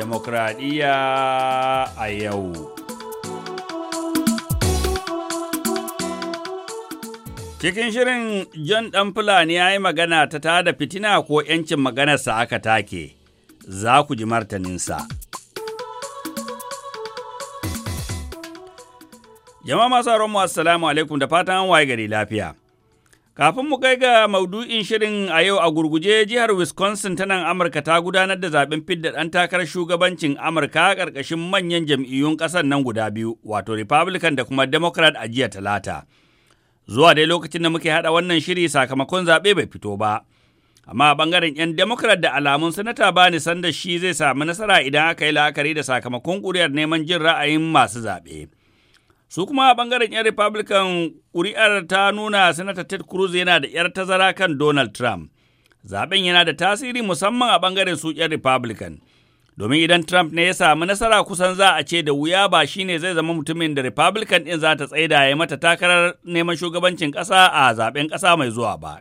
demokradiyya a yau. Cikin shirin John ɗan Fulani ya yi magana ta tada fitina ko ‘yancin maganarsa aka take, za ku ji martaninsa. Jama'a masu mu assalamu alaikum da fatan an waye gari lafiya. Kafin mu kai ga maudu'in shirin a yau a gurguje jihar Wisconsin ta nan Amurka ta gudanar da zaben fidda ɗan takarar shugabancin Amurka ƙarƙashin manyan jam'iyyun ƙasar nan guda biyu, wato Republican da kuma Democrat a jiya Talata. Zuwa dai lokacin da muke haɗa wannan shiri sakamakon zaɓe bai fito ba. Amma a ɓangaren 'yan Democrat da alamun Sanata Bani sanda shi zai sami nasara idan aka yi la'akari da sakamakon ƙuri'ar neman jin ra'ayin masu zaɓe. Su kuma a ɓangaren 'yan Republican ƙuri'ar ta nuna Sanata Ted Cruz yana da 'yar tazara kan Donald Trump. Zaben yana da tasiri musamman a ɓangaren su 'yan Republican. Domin idan Trump ne ya samu nasara kusan za a ce da wuya ba shi ne zai zama mutumin da Republican ɗin za ta tsaida ya mata takarar neman shugabancin ƙasa a zaben ƙasa mai zuwa ba.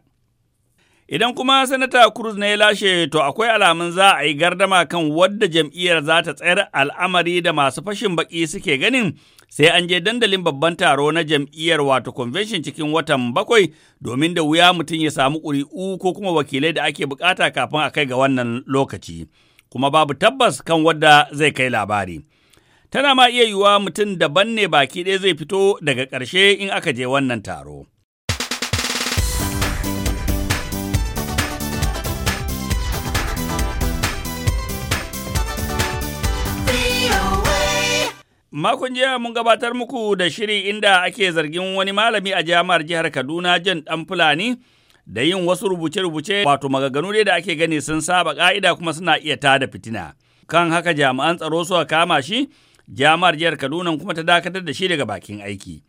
Idan kuma Sanata Cruz ne ya lashe to akwai alamun za a yi gardama kan wadda jam'iyyar za ta tsayar al'amari da masu fashin baki suke ganin sai an je dandalin babban taro na jam'iyyar wato convention cikin watan bakwai domin da wuya mutum ya samu ƙuri'u ko kuma wakilai da ake bukata kafin a kai ga wannan lokaci. Kuma babu tabbas kan wadda zai kai labari. Tana ma iya yiwuwa mutum daban ne baki ɗaya zai fito daga ƙarshe in aka je wannan taro. Makon jiya mun gabatar muku da shiri inda ake zargin wani malami a jami'ar jihar Kaduna Jan Dan Fulani da yin wasu rubuce-rubuce wato maganganu ne da ake gani sun saba ka'ida kuma suna iya tada fitina. Kan haka jami'an tsaro suka kama shi, jami'ar jihar Kaduna kuma ta dakatar da shi daga bakin aiki.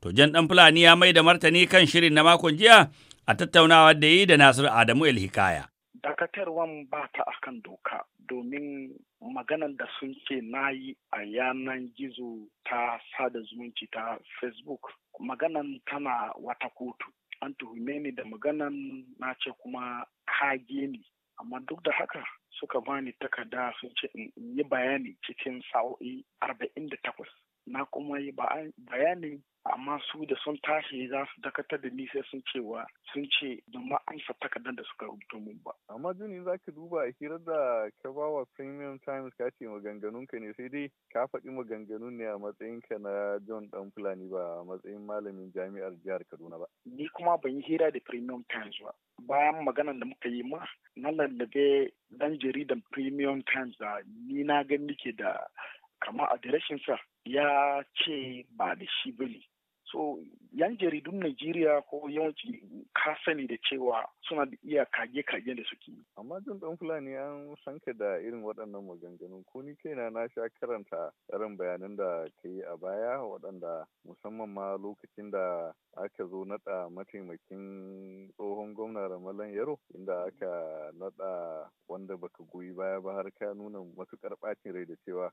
To Jan Dan Fulani ya mai da martani kan shirin na makon jiya a tattaunawa da yi da Nasiru Adamu El Hikaya. dakatarwan ba ta akan doka domin maganan da sun ce na yi a yanan gizo ta sada zumunci ta facebook maganan tana wata kotu an tuhume ni da maganan na ce kuma kage ni amma duk da haka suka bani takarda sun ce in yi bayani cikin sa'o'i arba'in da takwas na kuma yi bayani. amma su da sun tashi za su dakatar da ni sai sun cewa sun ce don ma amsa takardar da suka rubuta mun ba. Amma Juni za ka duba a hirar da ka ba wa Premium Times ka ce ka ne sai dai ka faɗi maganganun ne a matsayin ka na John Dan Fulani ba a matsayin malamin jami'ar jihar Kaduna ba. Ni kuma ban yi hira da Premium Times ba. Bayan maganar da muka yi ma na lallabe dan jaridan Premium Times da ni na gani ke da kamar sa ya ce ba da shi bane so yan jaridun Najeriya ko yawanci ka sani da cewa suna da iya kage-kage da suke. Amma jin dan Fulani an sanka da irin waɗannan maganganun ko ni kaina na sha karanta irin bayanan da ka yi a baya waɗanda musamman ma lokacin da aka zo naɗa mataimakin tsohon gwamna Ramalan Yaro inda aka naɗa wanda baka goyi baya ba har ka nuna matuƙar ɓacin rai da cewa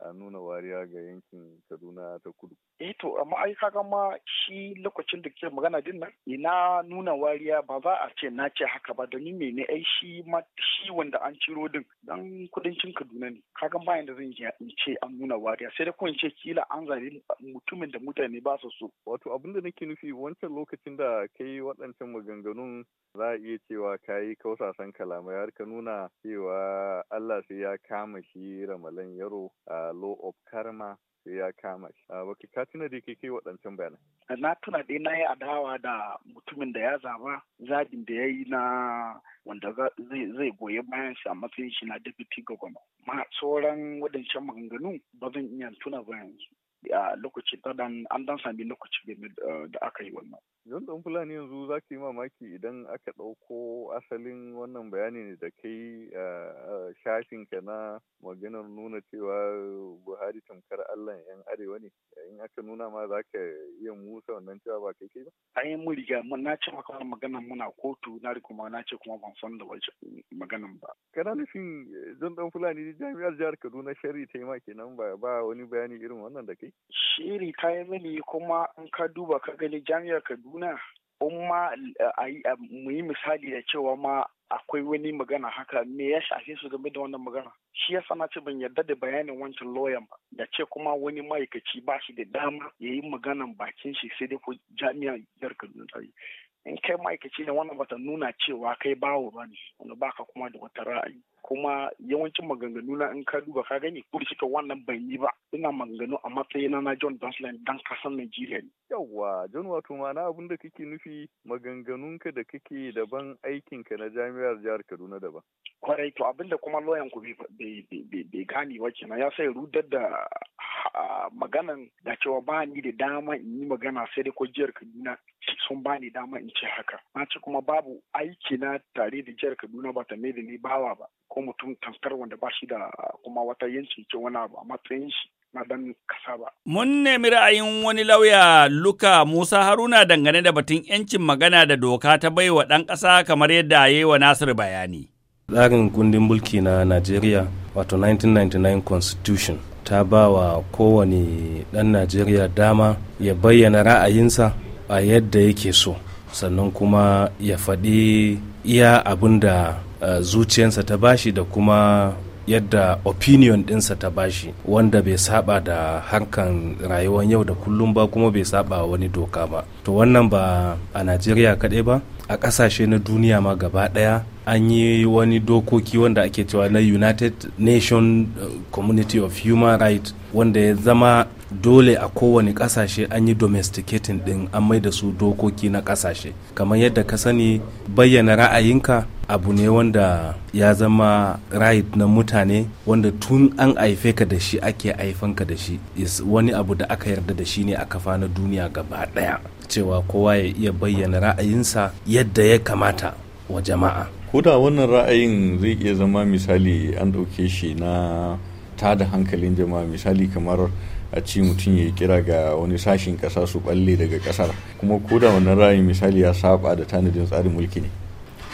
a nuna wariya ga yankin kaduna ta kudu eh to amma ai kaga ma shi lokacin da ke magana din nan ina nuna wariya ba za a ce na ce haka ba don me ne ai shi ma shi wanda an ciro din dan kudancin kaduna ne kaga bayan da zan yi in ce an nuna wariya sai da kun ce kila an zari mutumin da mutane ba su so wato abinda nake nufi wancan lokacin da kai waɗancan maganganun za a iya cewa ka yi kausasan kalamai har ka nuna cewa Allah sai ya kama shi ramalan yaro a law of karma ya kama shi. Ah, Wakil ka tuna da kai waɗancan bayanai. Na tuna dai na yi adawa da mutumin da ya zaba zabin da ya yi na wanda zai goyi bayan shi a matsayin shi na deputy governor. Ma sauran waɗancan maganganu ba zan iya tuna bayan su. a lokacin da dan an dan sami lokaci game da aka yi wannan. John Dan Fulani yanzu za ka yi mamaki idan aka ɗauko asalin wannan bayani ne da kai shafin ka na maganar nuna cewa Buhari tamkar Allah yan arewa ne in aka nuna ma za ka iya musa wannan cewa ba kai kai ba. yi mun riga mun na ce maka maganar muna kotu na kuma na ce kuma ban san da wace maganar ba. Kana nufin John eh, Dan Fulani jami'ar jihar Kaduna shari'a ta yi ma kenan ba wani bayani irin wannan da kai? shiri ta yi mini kuma in ka duba ka gani jami'ar kaduna in ma mu yi misali da cewa ma akwai wani magana haka me ya shafe su game da wannan magana shi ya sana ce ban yarda da bayanin wancan lawyer ba da ce kuma wani ma'aikaci ba shi da dama ya yi maganan bakin shi sai dai ko jami'ar jihar kaduna in kai ma'aikaci ne wannan bata nuna cewa kai bawo ba ne wanda baka kuma da wata ra'ayi kuma yawancin maganganu na in ka duba ka gani duk suka wannan ban yi ba ina maganganu a matsayina na John Dunsland dan kasan Najeriya ne yawwa John wato ma'ana abin da kake nufi ka da kake daban aikin ka na jami'ar jihar Kaduna daban kwarai to abinda kuma loyan ku bai gane ba kenan ya sai rudar da maganan da cewa ba ni da dama in yi magana sai dai ko jihar Kaduna sun ba ni dama in ce haka na ce kuma babu aiki na tare da jihar Kaduna ba ta mai da ni bawa ba ko mutum tamkar wanda ba shi da kuma wata yanci ke wani abu a matsayin shi na dan kasa ba. Mun nemi ra'ayin wani lauya Luka Musa Haruna dangane da batun yancin magana da doka ta baiwa ɗan ƙasa kamar yadda ya yi wa Nasir bayani. Tsarin kundin mulki na Najeriya wato 1999 Constitution ta ba wa kowane ɗan Najeriya dama ya bayyana ra'ayinsa a yadda yake so sannan kuma ya faɗi iya abin da Eh, zuciyarsa ta bashi da kuma yadda opinion dinsa ta bashi wanda bai saba da hankan rayuwar yau da kullum ba kuma bai saba wani doka ba to wannan ba a najeriya kaɗai ba a ƙasashe na duniya ma gaba ɗaya an yi wani dokoki wanda ake cewa na united nation eh, community of human rights wanda ya zama dole a kowane ƙasashe an yi domesticating ɗin an mai da su dokoki na ƙasashe. kamar yadda ka sani bayyana ra'ayinka abu ne wanda ya zama right na mutane wanda tun an haife ka da shi ake ka da shi wani abu da aka yarda da shi ne a kafa na duniya gaba daya cewa kowa ya iya bayyana ra'ayinsa yadda ya kamata wa jama'a da wannan ra'ayin zai iya zama misali an ɗauke shi na tada hankalin jama'a misali kamar a ci mutum ya kira ga wani sashen ƙasa su balle daga ƙasar kuma koda wannan ra'ayin misali ya saba da tanadin tsarin mulki ne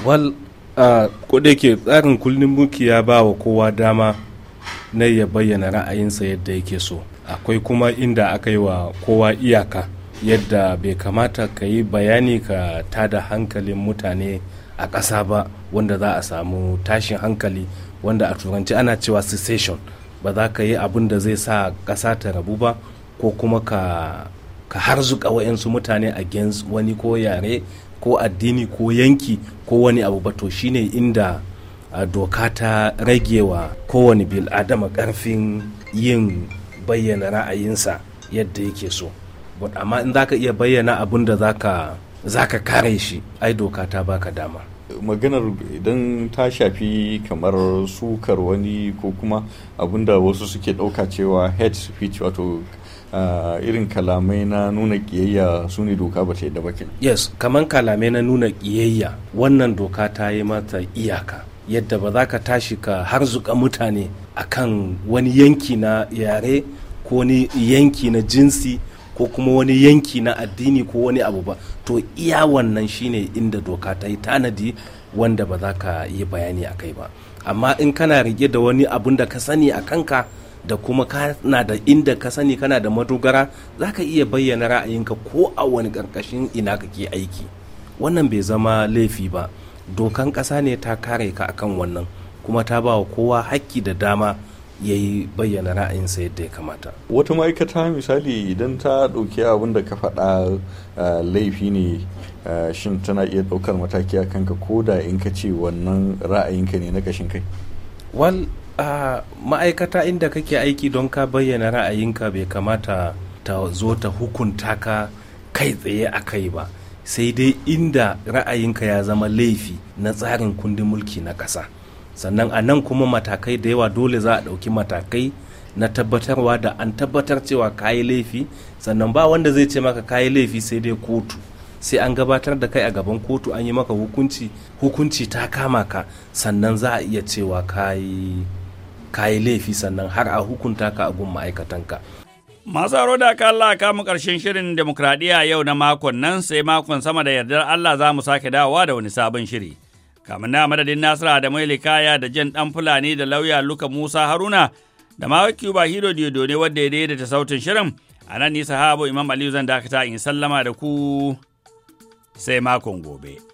wal kodai ke tsarin kullum mulki ya ba wa kowa dama na ya bayyana ra'ayinsa yadda yake so akwai kuma inda aka yi wa kowa iyaka yadda bai kamata ka yi bayani ka tada hankalin mutane a ƙasa ba wanda za a samu tashin hankali wanda a turanci ana cewa secession ba za ka yi abin da zai sa ƙasa ta rabu ba ko kuma ka ka harzuka wa'yansu mutane against wani ko yare ko addini ko yanki ko wani abu ba to shine inda doka ta ragewa kowane bil adama karfin yin bayyana ra'ayinsa yadda yake so amma in zaka iya bayyana abin da zaka zaka kare shi ai doka ta baka dama maganar idan ta shafi kamar sukar wani ko kuma abinda wasu suke ɗauka cewa hate speech wato irin kalamai na nuna kiyayya su ne doka ba ta yadda ba yes kaman kalamai na nuna ƙiyayya. wannan doka ta yi mata iyaka yadda ba za ka tashi ka harzuka mutane a kan wani yanki na yare ko wani yanki na jinsi ko kuma wani yanki na addini ko wani abu ba to iya wannan shine inda doka ta yi tanadi wanda ba za ka yi bayani a kai ba amma in kana rike da wani abun da ka sani a kanka da kuma kana da inda ka sani kana da madogara za ka iya bayyana ra'ayinka ko a wani ƙarƙashin ina kake aiki wannan bai zama laifi ba dokan ƙasa ne ta kare ka akan wannan kuma ta ba wa kowa hakki da dama ya yi bayyana ra'ayinsa yadda ya kamata wata ma'aikata misali idan ta ɗauki abin da ka faɗa eh, laifi ne eh, shin tana iya ɗaukar mataki a kanka ko da in ka ce wannan ra'ayinka ne na ƙashin kai wal a ma'aikata inda kake aiki don ka bayyana ra'ayinka bai kamata ta zo ta hukunta ka kai tsaye a kai ba sai dai inda ra'ayinka ya zama laifi na tsarin kundin mulki na ƙasa sannan a nan kuma matakai da yawa dole za a ɗauki matakai na tabbatarwa da an tabbatar cewa kayi laifi sannan ba wanda zai ce maka kayi laifi sai dai kotu sai an gabatar da kai a gaban kotu an yi maka hukunci hukunci ta kama ka sannan za a iya cewa kayi ka yi laifi sannan har a hukunta ka a gun ma'aikatanka. Masu aro da aka Allah kamu ƙarshen shirin demokradiyya yau na makon nan sai makon sama da yardar Allah za mu sake dawowa da wani sabon shiri. Kamin na madadin Nasira da Maili Kaya da Jan dan Fulani da lauya Luka Musa Haruna da ma Cuba Hiro Diodo ne wanda ya daidaita sautin shirin. A nan ni sahabo Imam Aliyu zan dakata in sallama da ku sai makon gobe.